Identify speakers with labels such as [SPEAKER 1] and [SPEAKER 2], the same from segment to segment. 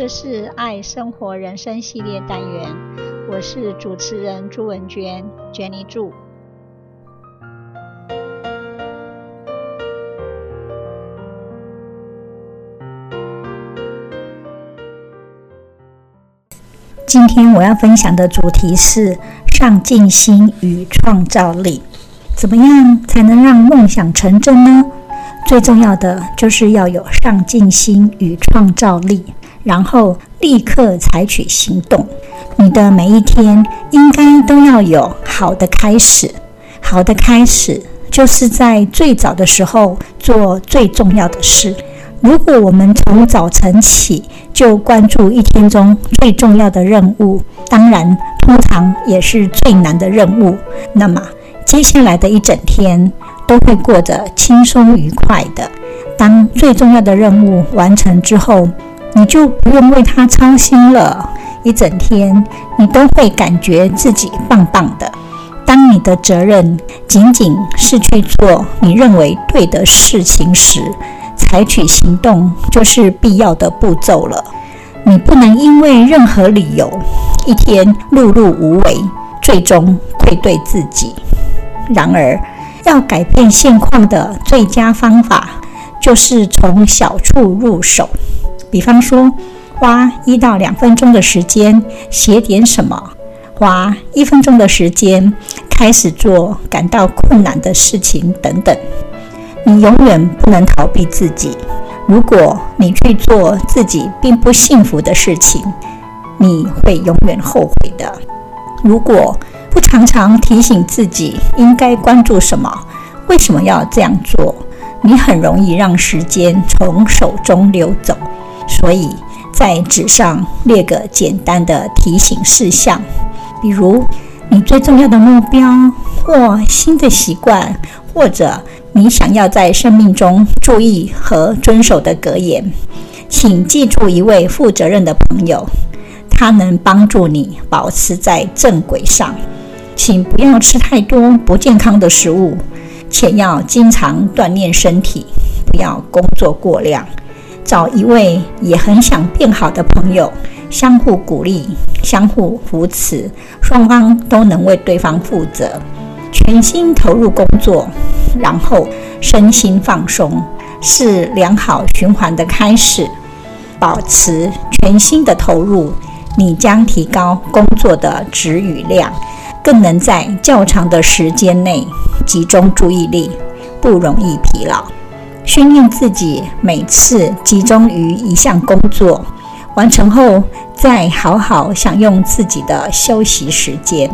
[SPEAKER 1] 這是愛生活人生系列單元，我是主持人朱文娟。娟妮住。今天我要分享的主題是上進心與創造力。怎麼樣才能讓夢想成真呢？最重要的就是要有上進心與創造力。然後立刻採取行動。你的每一天應該都要有好的開始。好的開始就是在最早的時候做最重要的事。如果我們從早晨起就關注一天中最重要的任務，當然通常也是最難的任務，那麼接下來的一整天都會過得輕鬆愉快的。當最重要的任務完成之後，你就不用為它操心了。一整天，你都會感覺自己棒棒的。當你的責任僅僅是去做你認為對的事情時，採取行動就是必要的步驟了。你不能因為任何理由，一天碌碌無為，最終愧對自己。然而，要改變現況的最佳方法，就是從小處入手。比方說，花一到兩分鐘的時間寫點什麼，花一分鐘的時間開始做感到困難的事情等等。你永遠不能逃避自己。如果你去做自己並不信服的事情，你會永遠後悔的。如果不常常提醒自己應該關注什麼，為什麼要這樣做，你很容易讓時間從手中溜走。所以在紙上列個簡單的提醒事項，比如你最重要的目標或新的習慣，或者你想要在生命中注意和遵守的格言。請記住一位負責任的朋友，他能幫助你保持在正軌上。請不要吃太多不健康的食物，且要經常鍛鍊身體，不要工作過量。找一位也很想變好的朋友，相互鼓勵，相互扶持，雙方都能為對方負責，全心投入工作，然後身心放鬆，是良好循環的開始。保持全心的投入，你將提高工作的質與量，更能在較長的時間內集中注意力，不容易疲勞。訓練自己每次集中於一項工作，完成後再好好享用自己的休息時間。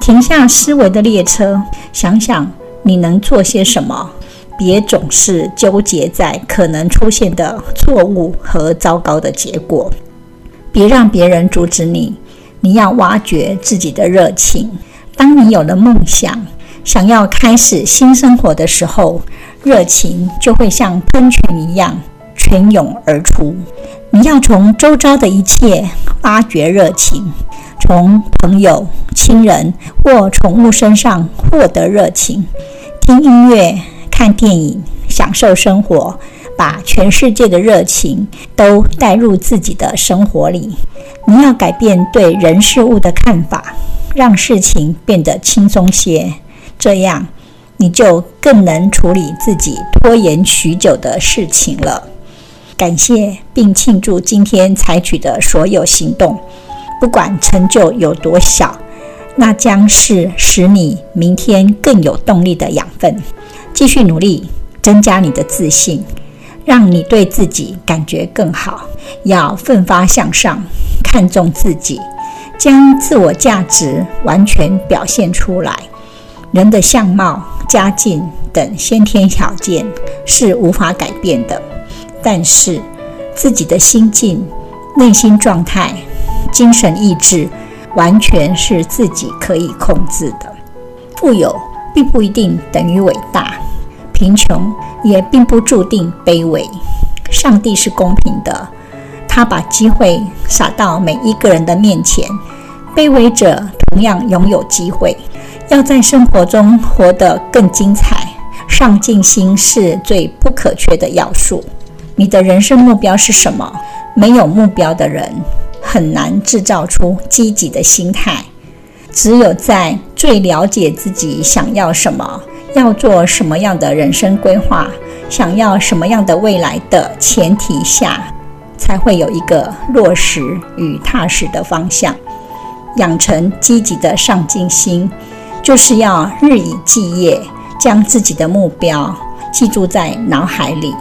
[SPEAKER 1] 停下思維的列車，想想你能做些什麼。別總是糾結在可能出現的錯誤和糟糕的結果。別讓別人阻止你，你要挖掘自己的熱情。當你有了夢想。想要開始新生活的時候，熱情就會像噴泉一樣泉湧而出。你要從周遭的一切挖掘熱情，從朋友、親人或寵物身上獲得熱情，聽音樂、看電影、享受生活，把全世界的熱情都帶入自己的生活裡。你要改變對人事物的看法，讓事情變得輕鬆些。這樣，你就更能處理自己拖延許久的事情了。感謝並慶祝今天採取的所有行動，不管成就有多小，那將是使你明天更有動力的養分。繼續努力，增加你的自信，讓你對自己感覺更好。要奮發向上，看重自己，將自我價值完全表現出來。人的相貌、家境等先天條件是無法改變的，但是自己的心境、內心狀態、精神意志完全是自己可以控制的。富有並不一定等於偉大，貧窮也並不注定卑微。上帝是公平的，他把機會撒到每一個人的面前，卑微者同樣擁有機會。要在生活中活得更精彩，上進心是最不可缺的要素。你的人生目標是什麼？沒有目標的人很難製造出積極的心態。只有在最了解自己想要什麼、要做什麼樣的人生規劃、想要什麼樣的未來的前提下，才會有一個落實與踏實的方向。養成積極的上進心。就是要日以繼夜，將自己的目標記住在腦海裡，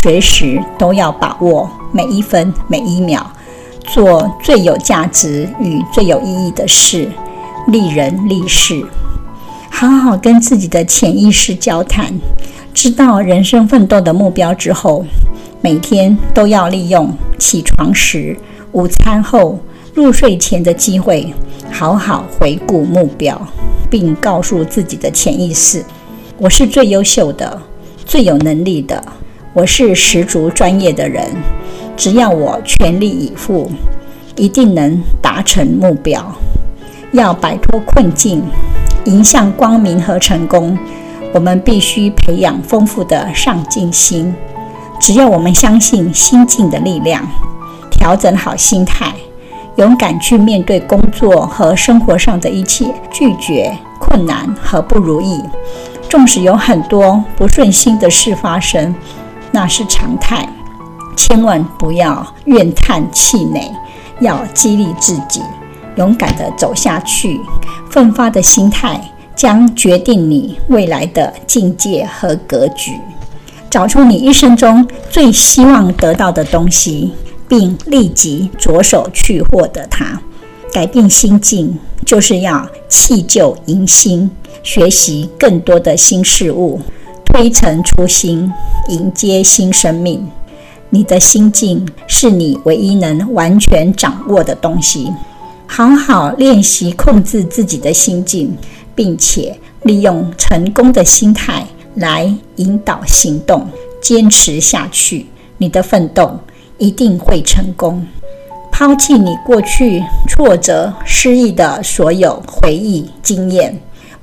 [SPEAKER 1] 隨時都要把握每一分、每一秒，做最有價值與最有意義的事，利人利世。好好跟自己的潛意識交談，知道人生奮鬥的目標之後，每天都要利用起床時、午餐後，入睡前的機會，好好回顧目標，並告訴自己的潛意識：“我是最優秀的，最有能力的，我是十足專業的人。只要我全力以赴，一定能達成目標。”要擺脫困境，迎向光明和成功，我們必須培養豐富的上進心。只要我們相信心境的力量，調整好心態，勇敢去面對工作和生活上的一切，拒絕困難和不如意。縱使有很多不順心的事發生，那是常態，千萬不要怨嘆氣餒，要激勵自己，勇敢的走下去。奮發的心態將決定你未來的境界和格局。找出你一生中最希望得到的東西。並立即着手去獲得它。改變心境，就是要棄舊迎新，學習更多的新事物，推陳出新，迎接新生命。你的心境是你唯一能完全掌握的東西。好好練習控制自己的心境，並且利用成功的心態來引導行動，堅持下去，你的奮鬥。一定會成功。拋棄你過去挫折、失意的所有回憶經驗，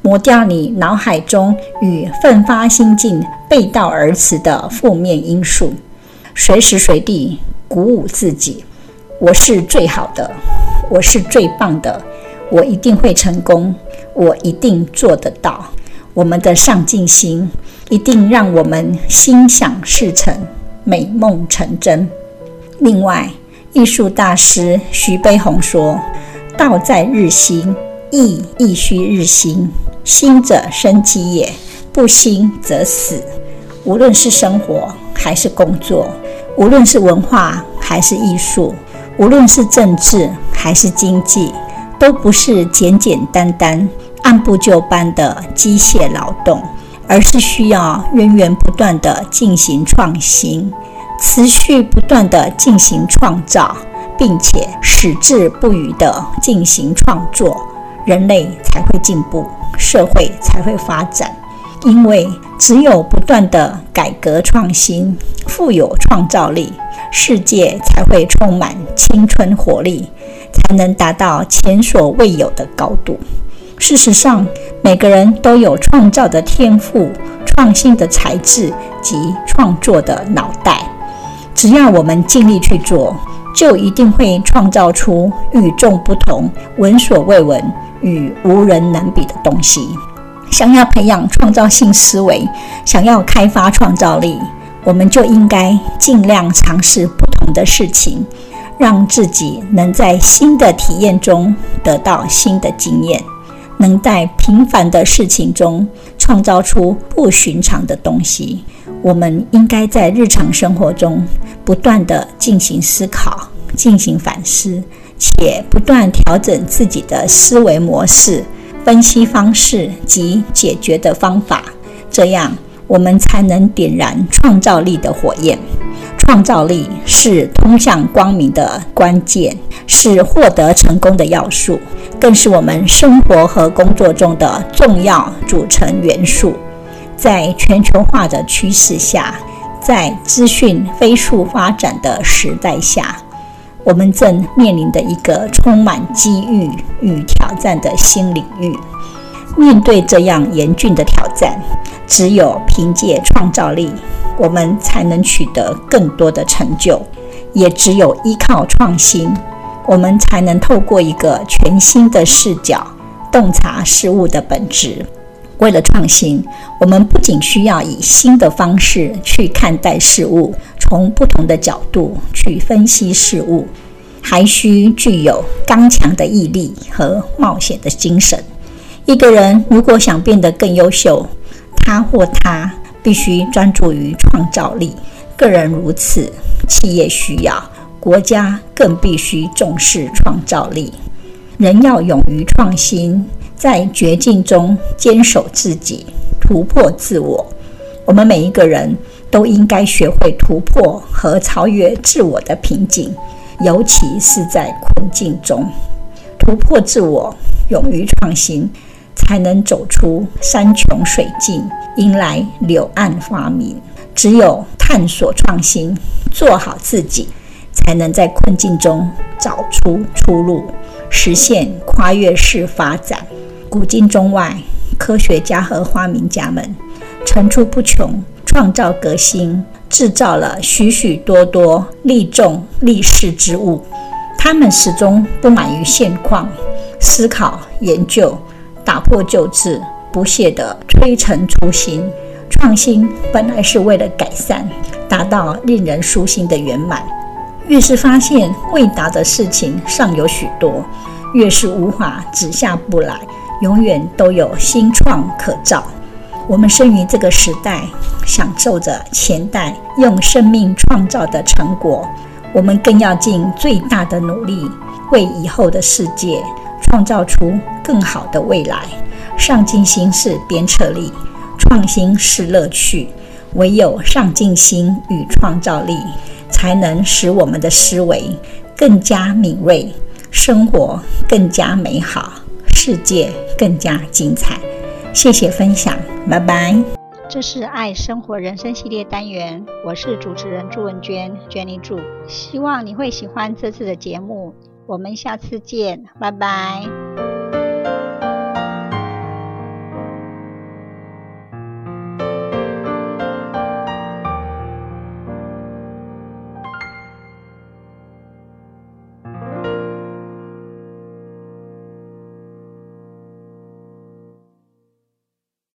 [SPEAKER 1] 抹掉你腦海中與奮發心境背道而馳的負面因素，隨時隨地鼓舞自己：“我是最好的，我是最棒的，我一定會成功，我一定做得到。”我們的上進心一定讓我們心想事成，美夢成真。另外，藝術大師徐悲鴻說：“道在日新，藝亦須日新。新者生機也，不新則死。無論是生活還是工作，無論是文化還是藝術，無論是政治還是經濟，都不是簡簡單單、按部就班的機械勞動，而是需要源源不斷地進行創新。”持續不斷地進行創造，並且矢志不渝地進行創作，人類才會進步，社會才會發展。因為只有不斷地改革創新，富有創造力，世界才會充滿青春活力，才能達到前所未有的高度。事實上，每個人都有創造的天賦、創新的才智及創作的腦袋。只要我們盡力去做，就一定會創造出與眾不同、聞所未聞與無人能比的東西。想要培養創造性思維，想要開發創造力，我們就應該儘量嘗試不同的事情，讓自己能在新的體驗中得到新的經驗，能在平凡的事情中創造出不尋常的東西。我們應該在日常生活中，不斷地進行思考、進行反思，且不斷調整自己的思維模式、分析方式及解決的方法。這樣，我們才能點燃創造力的火焰。創造力是通向光明的關鍵，是獲得成功的要素，更是我們生活和工作中的重要組成元素。在全球化的趨勢下，在資訊飛速發展的時代下，我們正面臨的一個充滿機遇與挑戰的新領域。面對這樣嚴峻的挑戰，只有憑借創造力，我們才能取得更多的成就；也只有依靠創新，我們才能透過一個全新的視角，洞察事物的本質。為了創新，我們不僅需要以新的方式去看待事物，從不同的角度去分析事物，還需具有剛強的毅力和冒險的精神。一個人如果想變得更優秀，他或她必須專注於創造力。個人如此，企業需要，國家更必須重視創造力。人要勇於創新。在絕境中堅守自己，突破自我。我們每一個人都應該學會突破和超越自我的瓶頸，尤其是在困境中突破自我，勇於創新，才能走出山窮水盡，迎來柳暗花明。只有探索創新，做好自己，才能在困境中找出出路，實現跨越式發展。古今中外，科學家和發明家們層出不窮，創造革新，製造了許許多多利眾利世之物。他們始終不滿於現況，思考研究，打破舊制，不懈地推陳出新。創新本來是為了改善，達到令人舒心的圓滿。越是發現未達的事情尚有許多，越是無法止下步來。永遠都有新創可造。我們生於這個時代，享受着前代用生命創造的成果。我們更要盡最大的努力，為以後的世界創造出更好的未來。上進心是鞭策力，創新是樂趣。唯有上進心與創造力，才能使我們的思維更加敏銳，生活更加美好。世界更加精彩，謝謝分享，拜拜。這是愛生活人生系列單元，我是主持人朱文娟，Jenny 朱，希望你會喜歡這次的節目，我們下次見，拜拜。